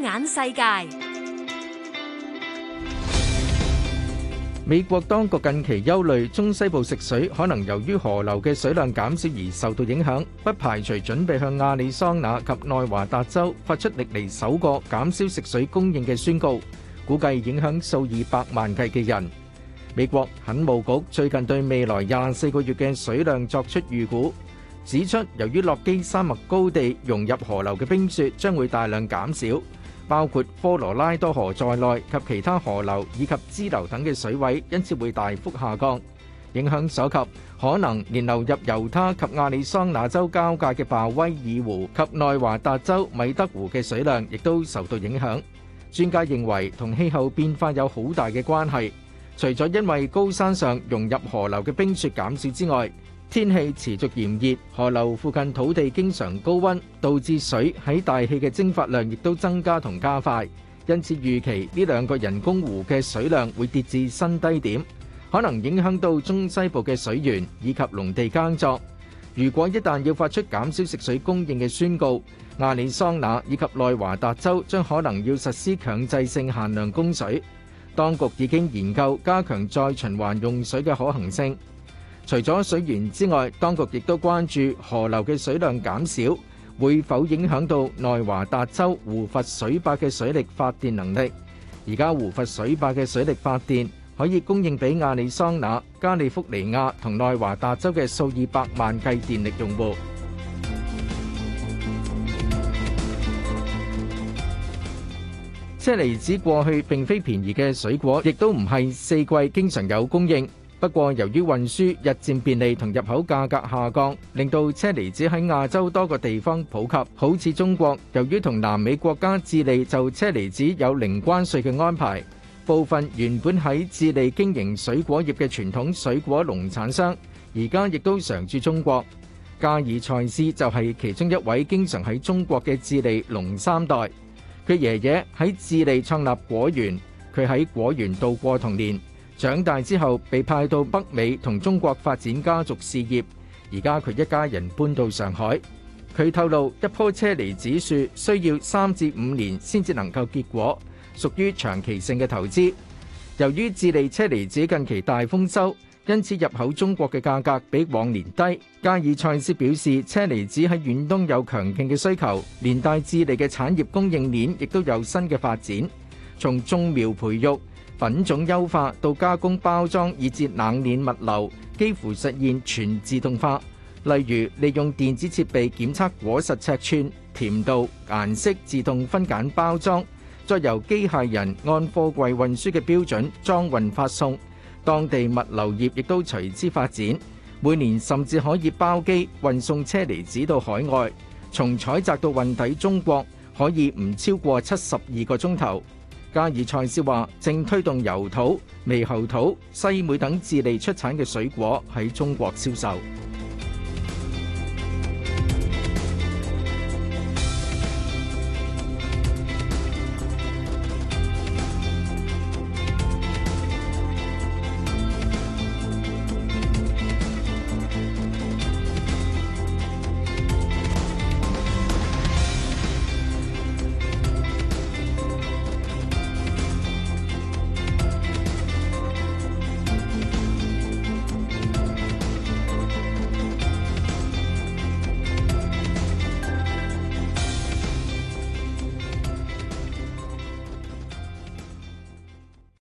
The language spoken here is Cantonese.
眼世界。美國當局近期憂慮中西部食水可能由於河流嘅水量減少而受到影響，不排除準備向亞利桑那及內華達州發出歷嚟首個減少食水供應嘅宣告，估計影響數以百萬計嘅人。美國墾務局最近對未來廿四個月嘅水量作出預估，指出由於洛磯山脈高地融入河流嘅冰雪將會大量減少。包括科羅拉多河在內及其他河流以及支流等嘅水位，因此會大幅下降，影響所及，可能連流入猶他及亞利桑那州交界嘅鮑威爾湖及內華達州米德湖嘅水量，亦都受到影響。專家認為，同氣候變化有好大嘅關係，除咗因為高山上融入河流嘅冰雪減少之外。天氣持續炎熱，河流附近土地經常高溫，導致水喺大氣嘅蒸發量亦都增加同加快。因此預期，呢兩個人工湖嘅水量會跌至新低點，可能影響到中西部嘅水源以及農地耕作。如果一旦要發出減少食水供應嘅宣告，亞利桑那以及內華達州將可能要實施強制性限量供水。當局已經研究加強再循環用水嘅可行性。除咗水源之外，當局亦都關注河流嘅水量減少，會否影響到內華達州胡佛水壩嘅水力發電能力。而家胡佛水壩嘅水力發電可以供應俾亞利桑那、加利福尼亞同內華達州嘅數以百萬計電力用戶。車厘子過去並非便宜嘅水果，亦都唔係四季經常有供應。不過由於運輸日漸便利，同入口價格下降，令到車厘子喺亞洲多個地方普及。好似中國由於同南美國家智利就車厘子有零關稅的安排。部分原本喺智利經營水果業的傳統水果農產商，而家亦都常駐中國。加爾賽斯就係其中一位經常喺中國的智利農三代。佢爺爺喺智利創立果園，佢喺果園度過童年。長大之後被派到北美同中國發展家族事業，而家佢一家人搬到上海。佢透露一棵車厘子樹需要三至五年先至能夠結果，屬於長期性嘅投資。由於智利車厘子近期大豐收，因此入口中國嘅價格比往年低。加爾賽斯表示車厘子喺遠東有強勁嘅需求，連帶智利嘅產業供應鏈亦都有新嘅發展，從種苗培育、品種優化到加工包裝以至冷鏈物流，幾乎實現全自動化。例如利用電子設備檢測果實尺寸、甜度、顏色，自動分揀包裝，再由機械人按貨櫃運輸嘅標準裝運發送。當地物流業亦都隨之發展，每年甚至可以包機運送車厘子到海外，從採摘到運抵中國可以唔超過七十二個鐘頭。加爾賽斯話：正推動油桃、獼猴桃、西梅等智利出產嘅水果喺中國銷售。